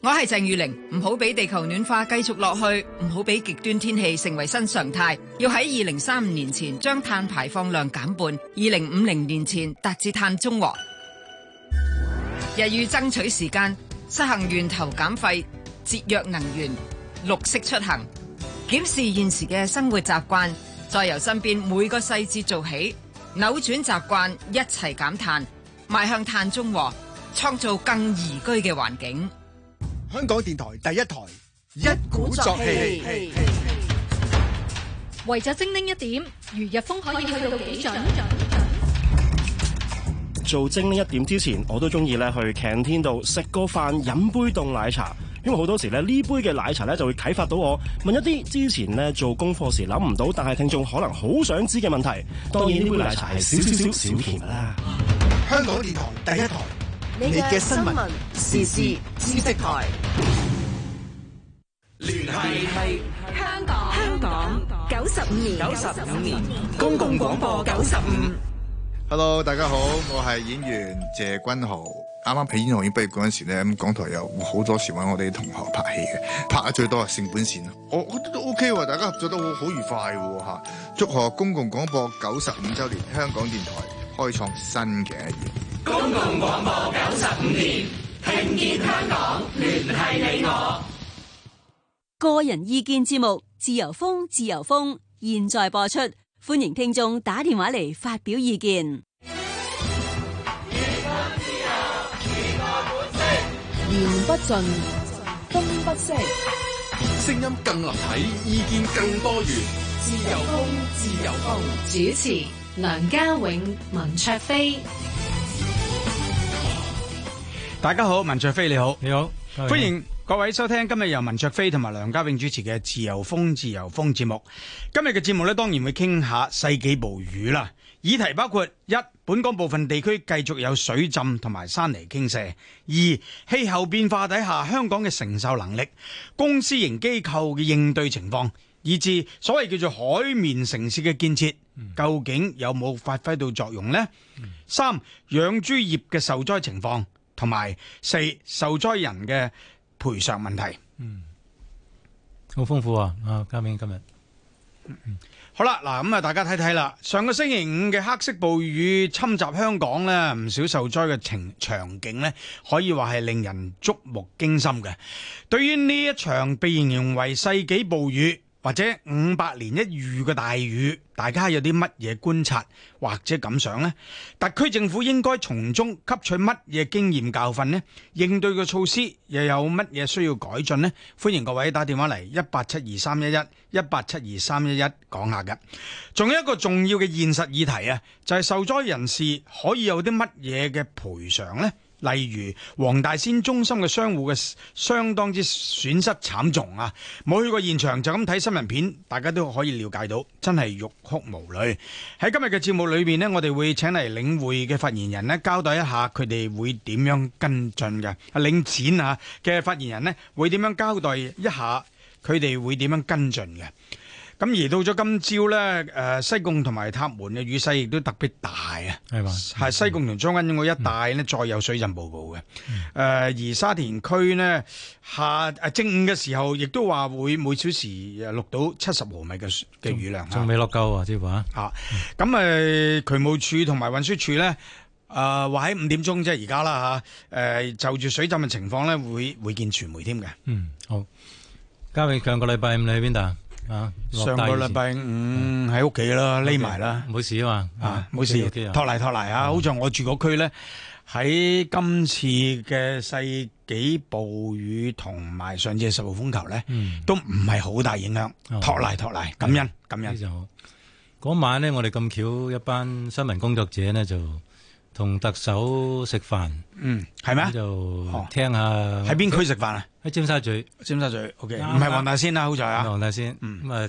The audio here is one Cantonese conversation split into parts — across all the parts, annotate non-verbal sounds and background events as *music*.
我係鄭裕玲，唔好俾地球暖化繼續落去，唔好俾極端天氣成為新常態。要喺二零三五年前將碳排放量減半，二零五零年前達至碳中和。日欲爭取時間，實行源頭減廢、節約能源、綠色出行，檢視現時嘅生活習慣，再由身邊每個細節做起，扭轉習慣，一齊減碳，邁向碳中和，創造更宜居嘅環境。香港電台第一台一鼓作氣，為咗精靈一點，如日風可以去到幾準？做精靈一點之前，我都中意咧去 canteen 度食個飯，飲杯凍奶茶，因為好多時咧呢杯嘅奶茶咧就會啟發到我，問一啲之前咧做功課時諗唔到，但係聽眾可能好想知嘅問題。當然呢杯奶茶係少少少甜啦。香港電台第一台。你嘅新聞聞時事知識台，聯繫係香港香港九十五年九十五年公共廣播九十五。Hello，大家好，我係演員謝君豪。啱啱喺演藝學院畢業嗰陣時咧，咁港台有好多時揾我哋啲同學拍戲嘅，拍得最多係《性本善》。我覺得都 OK 喎，大家合作得好好愉快嘅吓。祝賀公共廣播九十五周年，香港電台開創新嘅一頁。公共廣播九十五年，聽見香港，聯繫你我。個人意見節目《自由風》，自由風現在播出，歡迎聽眾打電話嚟發表意見。言不盡，風不息，聲音更立體，意見更多元。自由風，自由風。主持：梁家永、文卓飛。大家好，文卓飛你好，你好，你好好歡迎各位收聽今日由文卓飛同埋梁家永主持嘅《自由風自由風》節目。今日嘅節目咧，當然會傾下世紀暴雨啦。議題包括一、本港部分地區繼續有水浸同埋山泥傾瀉；二、氣候變化底下香港嘅承受能力、公私營機構嘅應對情況，以至所謂叫做海綿城市嘅建設，嗯、究竟有冇發揮到作用咧？嗯、三、養豬業嘅受災情況。同埋四，受災人嘅賠償問題，嗯，好豐富啊！啊，嘉明今日，嗯，好啦，嗱咁啊，大家睇睇啦，上個星期五嘅黑色暴雨侵襲香港咧，唔少受災嘅情場景咧，可以話係令人觸目驚心嘅。對於呢一場被形容為世紀暴雨，或者五百年一遇嘅大雨，大家有啲乜嘢觀察或者感想呢？特區政府應該從中吸取乜嘢經驗教訓呢？應對嘅措施又有乜嘢需要改進呢？歡迎各位打電話嚟一八七二三一一一八七二三一一講下嘅。仲有一個重要嘅現實議題啊，就係受災人士可以有啲乜嘢嘅賠償呢？例如黃大仙中心嘅商戶嘅相當之損失慘重啊！冇去過現場就咁睇新聞片，大家都可以了解到，真係欲哭無淚。喺今日嘅節目裏邊呢，我哋會請嚟領展嘅發言人呢，交代一下佢哋會點樣跟進嘅。領展啊嘅發言人呢，會點樣交代一下佢哋會點樣跟進嘅。咁而到咗今朝咧，西貢同埋塔門嘅雨勢亦都特別大啊！係嘛，係西貢同將軍澳一帶呢，再有水浸報告嘅。誒、嗯、而沙田區呢，下誒正午嘅時候，亦都話會每小時錄到七十毫米嘅嘅雨量，仲未落夠啊！即係話啊，咁誒渠務處同埋運輸處咧，誒話喺五點鐘即係而家啦嚇，就住水浸嘅情況咧，會會見傳媒添嘅。嗯，好，嘉偉，上個禮拜五你去邊度啊？嗯、啊！上個禮拜五喺屋企啦，匿埋啦，冇事啊嘛，啊冇事，托賴托賴啊！好似我住嗰區咧，喺的今次嘅世紀暴雨同埋上次嘅十號風球咧，的都唔係好大影響，托賴托賴，感恩感恩。就嗰晚咧，我哋咁巧一班新聞工作者咧就。同特首食飯，嗯，係咩？就聽下喺邊區食飯啊？喺尖沙咀，尖沙咀，O K，唔係黃大仙啦，好彩啊，黃大仙，咁啊，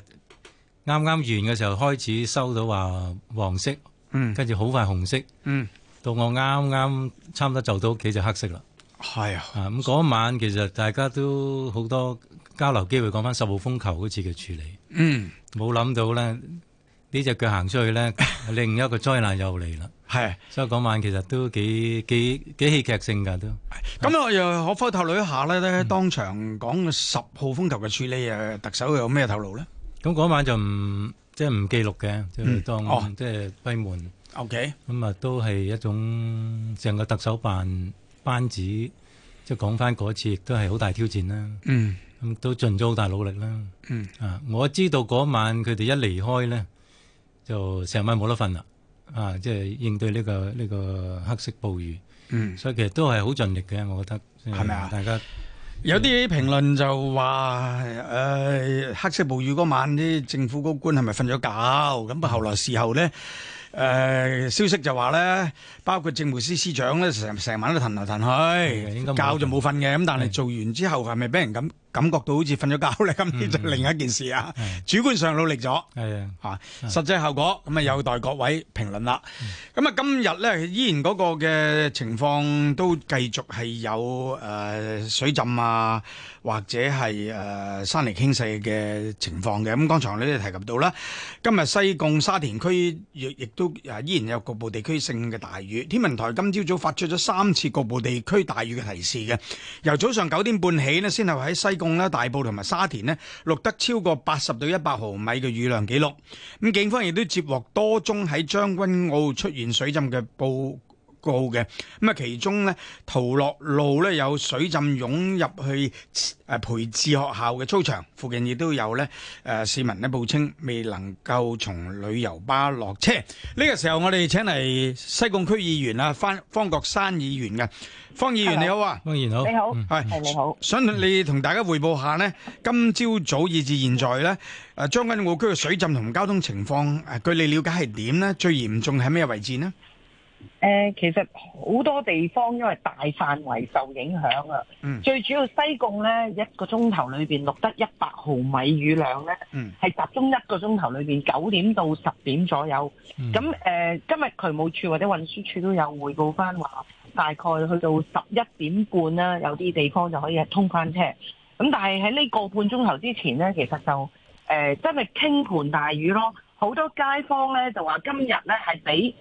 啱啱完嘅時候開始收到話黃色，嗯，跟住好快紅色，嗯，到我啱啱差唔多就到屋企隻黑色啦，係啊，咁嗰晚其實大家都好多交流機會，講翻十號風球嗰次嘅處理，嗯，冇諗到咧呢隻腳行出去咧，另一個災難又嚟啦。係，所以嗰晚其實都幾幾幾戲劇性噶，都。咁我又可否透露一下咧？咧當場講十號風球嘅處理誒，特首有咩透露咧？咁嗰晚就唔即係唔記錄嘅，即係當即係閉門。OK。咁啊，都係一種成個特首辦班子，即係講翻嗰次亦都係好大挑戰啦。嗯。咁都盡咗好大努力啦。嗯。啊，我知道嗰晚佢哋一離開咧，就成晚冇得瞓啦。啊！即係應對呢個呢個黑色暴雨，嗯，所以其實都係好盡力嘅，我覺得係咪啊？大家有啲評論就話誒黑色暴雨嗰晚啲政府高官係咪瞓咗覺？咁啊後來事後咧，誒消息就話咧，包括政務司司長咧，成成晚都騰來騰去，覺就冇瞓嘅。咁但係做完之後係咪俾人咁？感覺到好似瞓咗覺咧，今天就另一件事啊！嗯、主觀上努力咗，係啊，吓實際效果咁啊，有待各位評論啦。咁啊、嗯，今日咧依然嗰個嘅情況都繼續係有誒、呃、水浸啊。或者係誒、呃、山泥傾瀉嘅情況嘅，咁、嗯、剛才你都提及到啦，今日西貢沙田區亦亦都、啊、依然有局部地區性嘅大雨，天文台今朝早發出咗三次局部地區大雨嘅提示嘅，由早上九點半起呢，先係喺西貢啦、大埔同埋沙田呢錄得超過八十到一百毫米嘅雨量記錄，咁、嗯、警方亦都接獲多宗喺將軍澳出現水浸嘅報告嘅咁，啊，其中呢，陶樂路呢有水浸湧入去誒培智學校嘅操場，附近亦都有呢誒、呃，市民呢報稱未能夠從旅遊巴落車。呢、這個時候我哋請嚟西貢區議員啊方方國山議員嘅方議員 Hello. 你好啊，方議員好，你好，係是你好，想和你同大家匯報下呢，今朝早以至現在呢，誒將軍澳區嘅水浸同交通情況誒、啊，據你了解係點呢？最嚴重係咩位置呢？誒、呃，其實好多地方因為大範圍受影響啊，嗯、最主要西貢呢，一個鐘頭裏邊錄得一百毫米雨量呢係、嗯、集中一個鐘頭裏邊九點到十點左右。咁誒、嗯呃，今日渠務處或者運輸處都有匯報翻話，大概去到十一點半啦，有啲地方就可以通翻車。咁但係喺呢個半鐘頭之前呢，其實就誒真係傾盆大雨咯，好多街坊呢，就話今日呢係比。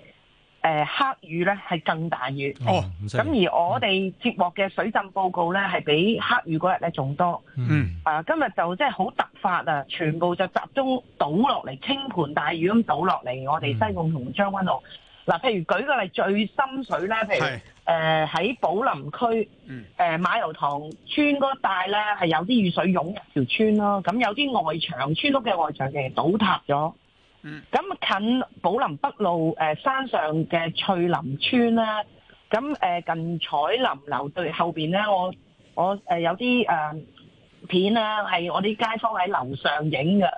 誒、呃、黑雨咧係更大雨，咁、哦、而我哋接獲嘅水浸報告咧係、嗯、比黑雨嗰日咧仲多。嗯，啊、呃、今日就即係好突發啊，全部就集中倒落嚟，傾盆大雨咁倒落嚟，我哋西貢同將軍澳。嗱、嗯啊，譬如舉個例，最深水咧，譬如誒喺是、呃、寶林區誒、呃、馬油塘村嗰帶咧，係有啲雨水湧入條村咯。咁有啲外牆村屋嘅外牆嘅倒塌咗。咁、嗯、近寶林北路誒、呃、山上嘅翠林村啦、啊，咁誒、呃、近彩林樓對後邊咧，我我誒、呃、有啲誒、呃、片啦，係我啲街坊喺樓上影㗎。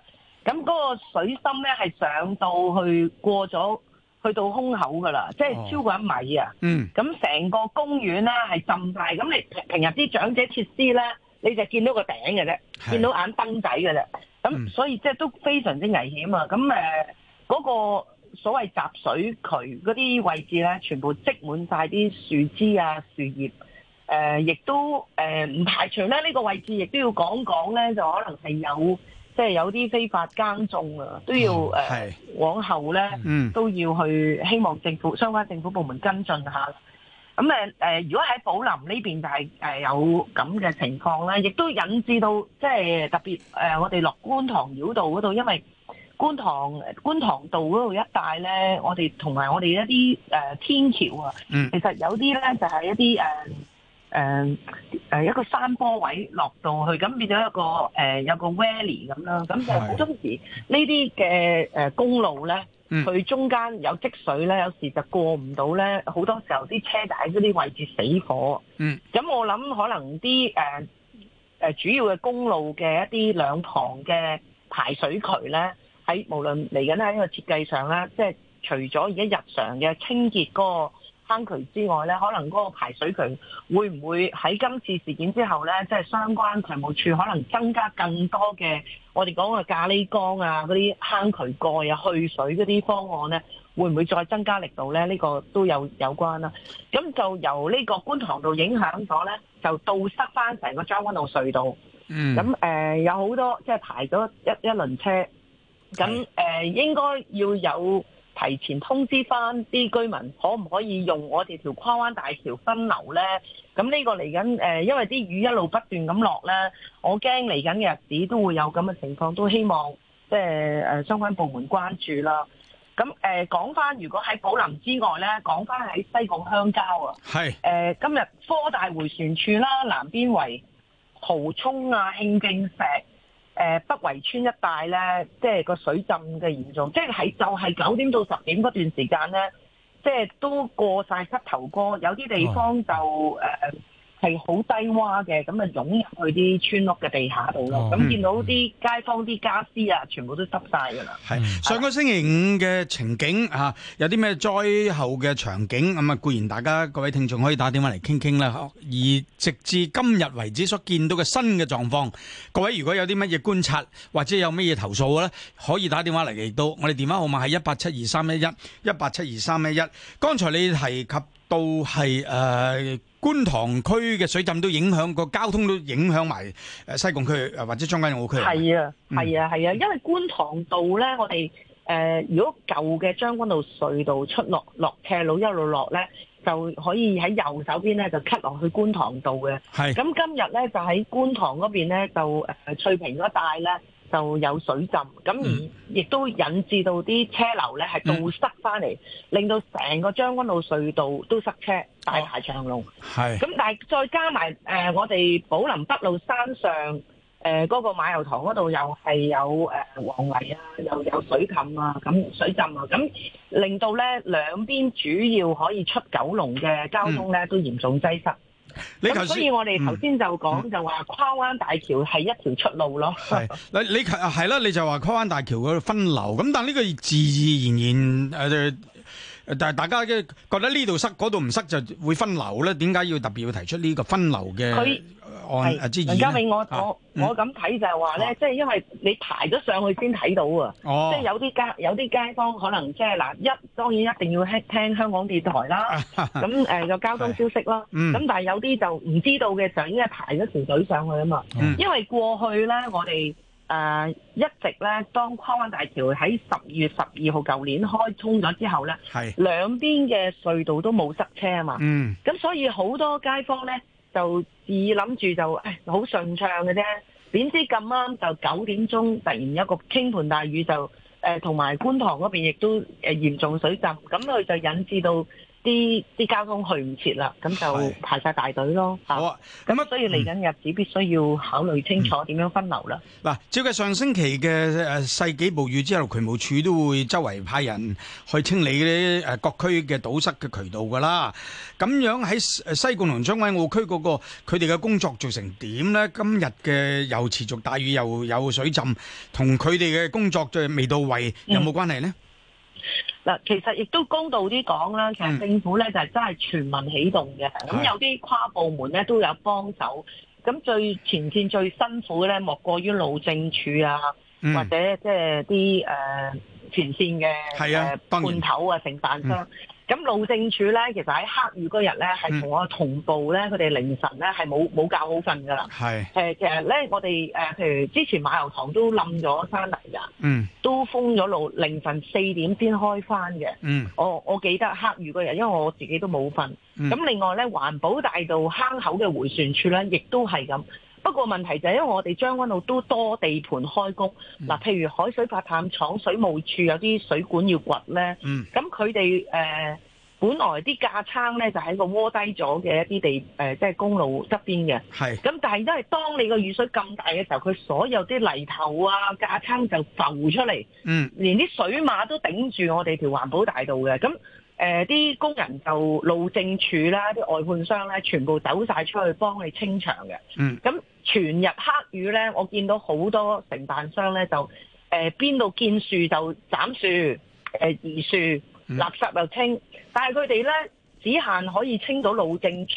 咁嗰個水深咧係上到去過咗，去到胸口噶啦，哦、即係超過一米啊。嗯，咁成個公園咧係浸晒，咁你平日啲長者設施咧，你就見到個頂嘅啫，是見到眼燈仔㗎啫。咁、嗯、所以即係都非常之危險啊！咁誒嗰個所謂集水渠嗰啲位置咧，全部積滿晒啲樹枝啊、樹葉。誒、呃，亦都誒唔、呃、排除咧，呢、呢個位置亦都要講講咧，就可能係有即係有啲非法耕種啊，都要誒、嗯呃、往後咧、嗯、都要去希望政府相關政府部門跟進下。咁誒誒，如果喺寶林呢邊就係、是、誒、呃、有咁嘅情況啦，亦都引致到即係、就是、特別誒、呃，我哋落觀塘繞道嗰度，因為觀塘觀塘道嗰度一帶咧，我哋同埋我哋一啲誒、呃、天橋啊，嗯、其實有啲咧就係、是、一啲誒誒誒一個山坡位落到去，咁變咗一個誒、呃、有個 valley 咁啦，咁就好多時呢啲嘅誒公路咧。是呃佢、嗯、中間有積水呢，有時就過唔到呢。好多時候啲車帶嗰啲位置死火。嗯，咁我諗可能啲誒誒主要嘅公路嘅一啲兩旁嘅排水渠呢，喺無論嚟緊喺呢個設計上呢，即係除咗而家日常嘅清潔嗰、嗰個。坑渠、嗯、之外咧，可能嗰個排水渠會唔會喺今次事件之後咧，即、就、係、是、相關渠務署可能增加更多嘅，我哋講嘅咖喱缸啊，嗰啲坑渠蓋啊，去水嗰啲方案咧，會唔會再增加力度咧？呢、這個都有有關啦。咁就由呢個觀塘道影響咗咧，就倒塞翻成個將軍澳隧道。嗯。咁誒、呃、有好多即係排咗一一輪車。係。咁、呃、誒應該要有，提前通知翻啲居民，可唔可以用我哋條跨灣大橋分流呢？咁呢個嚟緊誒，因為啲雨一路不斷咁落呢，我驚嚟緊嘅日子都會有咁嘅情況，都希望即係誒相關部門關注啦。咁誒，講、呃、翻如果喺寶林之外呢，講翻喺西貢鄉郊啊，係是、呃、今日科大回旋處啦，南邊圍蠔涌啊、慶徑石。誒北圍村一帶咧，即係個水浸嘅嚴重，即係係就係、是、九點到十點嗰段時間咧，即、就、係、是、都過晒膝頭哥，有啲地方就誒。Oh. 係好低洼嘅，咁啊湧入去啲村屋嘅地下度咯。咁見、哦、到啲街坊啲家私啊，嗯、全部都濕晒噶啦。是嗯、上個星期五嘅情景啊，有啲咩災後嘅場景咁啊、嗯？固然大家各位聽眾可以打電話嚟傾傾啦。而直至今日為止所見到嘅新嘅狀況，各位如果有啲乜嘢觀察或者有乜嘢投訴嘅咧，可以打電話嚟嚟到我哋電話號碼係一八七二三一一一八七二三一一。剛才你提及到係誒。呃觀塘區嘅水浸都影響個交通，都影響埋誒西貢區或者將軍澳區。係啊，係啊，係啊、嗯，因為觀塘道咧，我哋誒、呃、如果舊嘅將軍澳隧道出落，落斜路一路落咧，就可以喺右手邊咧就 cut 落去觀塘道嘅。係的。咁今日咧就喺觀塘嗰邊咧就誒、呃、翠屏嗰帶咧。就有水浸，咁而亦都引致到啲車流咧係倒塞翻嚟，令到成個將軍澳隧道都塞車，大排長龍。係，咁但係再加埋誒，我哋寶林北路山上誒嗰個馬油塘嗰度又係有誒黃泥啊，又有水氹啊，咁水浸啊，咁令到咧兩邊主要可以出九龍嘅交通咧都嚴重擠塞。你剛才，所以我哋頭先就講就話跨灣大橋係一條出路咯 *laughs* 係。你你係啦，你就話跨灣大橋嘅分流，咁但係呢個自自然然但係大家即係覺得呢度塞，嗰度唔塞就會分流咧。點解要特別要提出呢個分流嘅？佢按啊之餘，而家咪我我我咁睇就係話咧，即係、嗯、因為你排咗上去先睇到啊。即係有啲街有啲街坊可能即係嗱，一、即係呃、當然一定要聽香港電台啦。咁誒個交通消息啦。咁、嗯、但係有啲就唔知道嘅，就應該排咗條隊上去啊嘛。嗯、因為過去咧，我哋。誒一直咧，當跨灣大橋喺十二月十二號舊年開通咗之後咧，係兩邊嘅隧道都冇塞車啊嘛。嗯，咁所以好多街坊咧就自諗住就誒好順暢嘅啫，點知咁啱就九點鐘突然一個傾盆大雨就誒，同埋觀塘嗰邊亦都誒嚴重水浸，咁佢就引致到。啲啲交通去唔切啦，咁就排曬大隊咯。好啊，咁啊，所以嚟緊日子必須要考慮清楚點樣分流啦。嗱，照計上星期嘅誒世紀暴雨之後，渠務署都會周圍派人去清理啲誒各區嘅堵塞嘅渠道噶啦。咁樣喺西貢同將軍澳區嗰個佢哋嘅工作做成點咧？今日嘅又持續大雨又有水浸，同佢哋嘅工作就未到位有冇關係咧？嗱，其實亦都公道啲講啦，其實政府咧就係真係全民起動嘅，咁有啲跨部門咧都有幫手，咁最前線最辛苦咧，莫過於路政處啊，嗯、或者即係啲誒前線嘅誒判頭啊、承辦商。嗯咁路政署咧，其實喺黑雨嗰日咧，係同、嗯、我同步咧，佢哋凌晨咧係冇冇覺好瞓噶啦。是其實咧，我哋誒、呃，譬如之前馬油塘都冧咗山泥噶，嗯，都封咗路，凌晨四點先開翻嘅。嗯，我我記得黑雨嗰日，因為我自己都冇瞓。咁、嗯、另外咧，環保大道坑口嘅回旋處咧，亦都係咁。不過問題就係因為我哋將軍澳都多地盤開工，嗱、嗯，譬如海水發淡廠水務處有啲水管要掘咧。嗯，咁。佢哋誒本來啲架撐咧就喺個窩低咗嘅一啲地誒、呃，即係公路側邊嘅。係是。咁但係因為當你個雨水咁大嘅時候，佢所有啲泥頭啊架撐就浮出嚟。嗯。連啲水馬都頂住我哋條環保大道嘅。咁誒啲工人就路政署啦，啲外判商咧，全部走晒出去幫你清場嘅。嗯。咁全日黑雨咧，我見到好多承辦商咧就誒邊度見樹就斬樹誒、呃、移樹。垃圾又清，但係佢哋咧只限可以清到路政處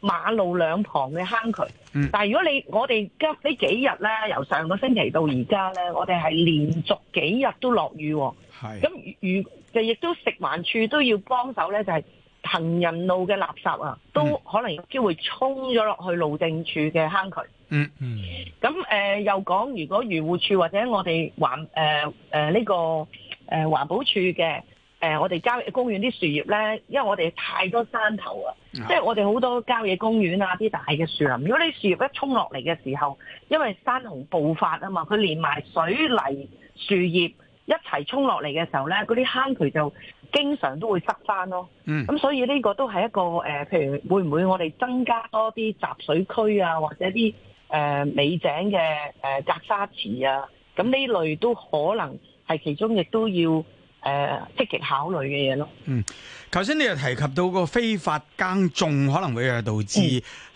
馬路兩旁嘅坑渠。嗯、但係如果你我哋急呢幾日咧，由上個星期到而家咧，我哋係連續幾日都落雨喎、哦。咁是，如就亦都食環處都要幫手咧，就係、是、行人路嘅垃圾啊，都可能有機會沖咗落去路政處嘅坑渠。嗯嗯。咁、嗯呃、又講，如果漁護處或者我哋環誒誒呢個誒環保處嘅。呃誒、呃，我哋郊野公園啲樹葉咧，因為我哋太多山頭啊，mm hmm. 即係我哋好多郊野公園啊，啲大嘅樹林，如果你樹葉一沖落嚟嘅時候，因為山洪暴發啊嘛，佢連埋水泥樹葉一齊沖落嚟嘅時候咧，嗰啲坑渠就經常都會塞翻咯。嗯、mm，咁、hmm. 所以呢個都係一個誒、呃，譬如會唔會我哋增加多啲集水區啊，或者啲誒美井嘅誒隔沙池啊，咁呢類都可能係其中亦都要。誒，積極、呃、考慮嘅嘢咯。嗯，頭先你又提及到個非法耕種可能會導致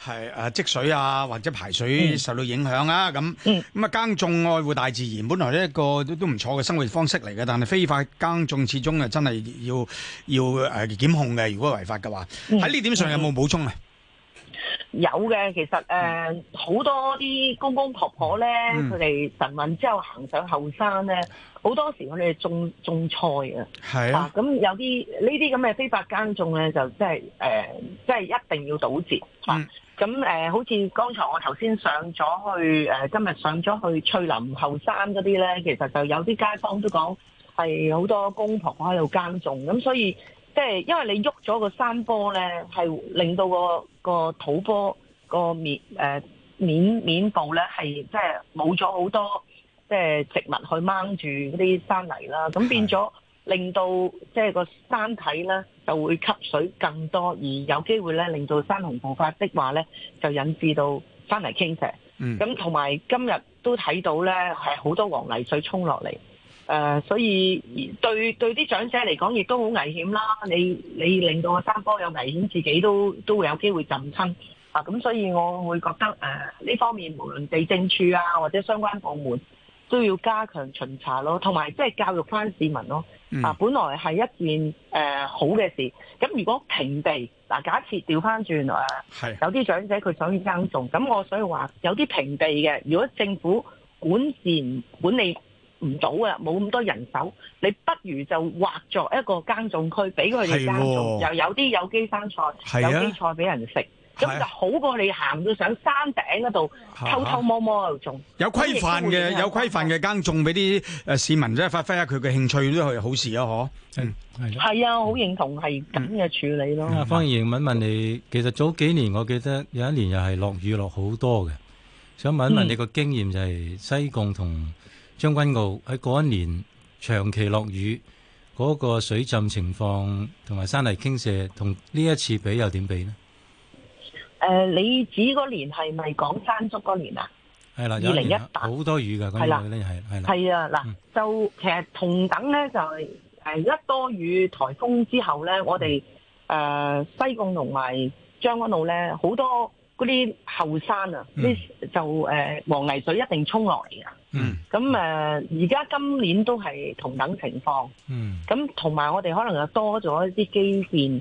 係誒積水啊，或者排水受到影響啊，咁咁啊耕種愛護大自然本來一個都都唔錯嘅生活方式嚟嘅，但係非法耕種始終係真係要要誒檢控嘅。如果違法嘅話，喺呢點上有冇補充啊？嗯嗯有嘅，其實誒好、呃、多啲公公婆婆咧，佢哋晨運之後行上後山咧，好多時我哋種種菜啊，係啊，咁有啲呢啲咁嘅非法耕種咧，就真係誒，真、呃、係、即係、一定要堵截咁、嗯啊呃、好似剛才我頭先上咗去、呃、今日上咗去翠林後山嗰啲咧，其實就有啲街坊都講係好多公公婆婆喺度耕種，咁、嗯、所以。即係因為你喐咗個山坡咧，係令到、那個個土坡個面誒、呃、面面部咧係即係冇咗好多即係植物去掹住嗰啲山泥啦，咁變咗令到即係個山體咧就會吸水更多，而有機會咧令到山洪暴發的話咧，就引致到山泥傾瀉。嗯，咁同埋今日都睇到咧係好多黃泥水沖落嚟。誒、呃，所以對對啲長者嚟講，亦都好危險啦。你你令到個山坡有危險，自己都都會有機會浸親啊。咁所以我會覺得誒呢、呃、方面，無論地政處啊或者相關部門都要加強巡查咯，同埋即係教育翻市民咯。啊，本來係一件誒、呃、好嘅事。咁如果平地嗱、啊，假設調翻轉誒，係、呃、是有啲長者佢想要耕種，咁我所以話有啲平地嘅，如果政府管治唔管理。唔到啊！冇咁多人手，你不如就劃作一個耕種區，俾佢哋耕種，又有啲有機生菜、有機菜俾人食，咁就好過你行到上山頂嗰度偷偷摸摸喺度種。有規範嘅，有規範嘅耕種俾啲誒市民，即係發揮下佢嘅興趣都係好事啊！嗬，係係啊，好認同係咁嘅處理咯。阿方耀文問問你，其實早幾年我記得有一年又係落雨落好多嘅，想問問你個經驗就係西貢同。將軍澳喺嗰一年長期落雨，嗰個水浸情況同埋山泥傾瀉，同呢一次比又點比呢？誒，你指嗰年係咪講山竹嗰年啊？係啦，二零一八好多雨㗎，係啦，嗰啲係係啦。係啊，嗱，就其實同等咧，就係誒一多雨颱風之後咧，我哋誒西貢同埋將軍澳咧好多。嗰啲後山啊，啲、嗯、就、呃、黃泥水一定沖落嚟噶。嗯，咁誒而家今年都係同等情況。嗯，咁同埋我哋可能又多咗啲基建，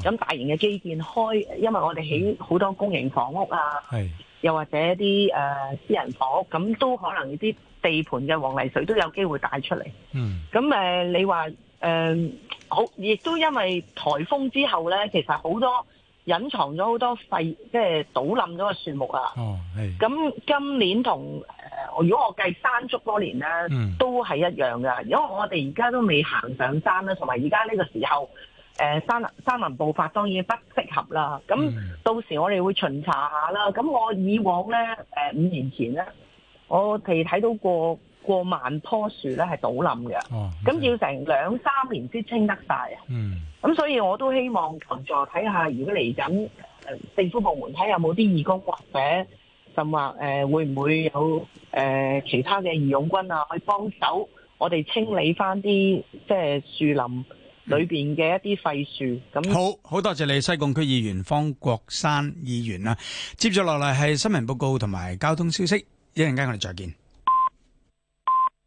咁、哦、大型嘅基建開，因為我哋起好多公營房屋啊，嗯、又或者啲、呃、私人房屋，咁都可能啲地盤嘅黃泥水都有機會帶出嚟。嗯，咁、呃、你話誒好，亦都因為颱風之後咧，其實好多。隱藏咗好多廢，即係倒冧咗嘅樹木啊！哦，係。咁今年同誒、呃，如果我計山竹嗰年咧，嗯、都係一樣噶。因為我哋而家都未行上山啦、啊，同埋而家呢個時候，誒、呃、山，山林山林暴發當然不適合啦。咁到時我哋會巡查一下啦。咁我以往咧誒、呃、五年前咧，我哋睇到過過萬棵樹咧係倒冧嘅，咁、哦、要成兩三年先清得晒啊！咁、嗯嗯、所以我都希望求助，睇下如果嚟緊政府部門，睇下有冇啲義工或者，甚至誒會唔會有誒、呃、其他嘅義勇軍啊，去幫手我哋清理翻啲即係樹林裏邊嘅一啲廢樹。咁好好多謝你，西貢區議員方國珊議員啦。接住落嚟係新聞報告同埋交通消息，一陣間我哋再見。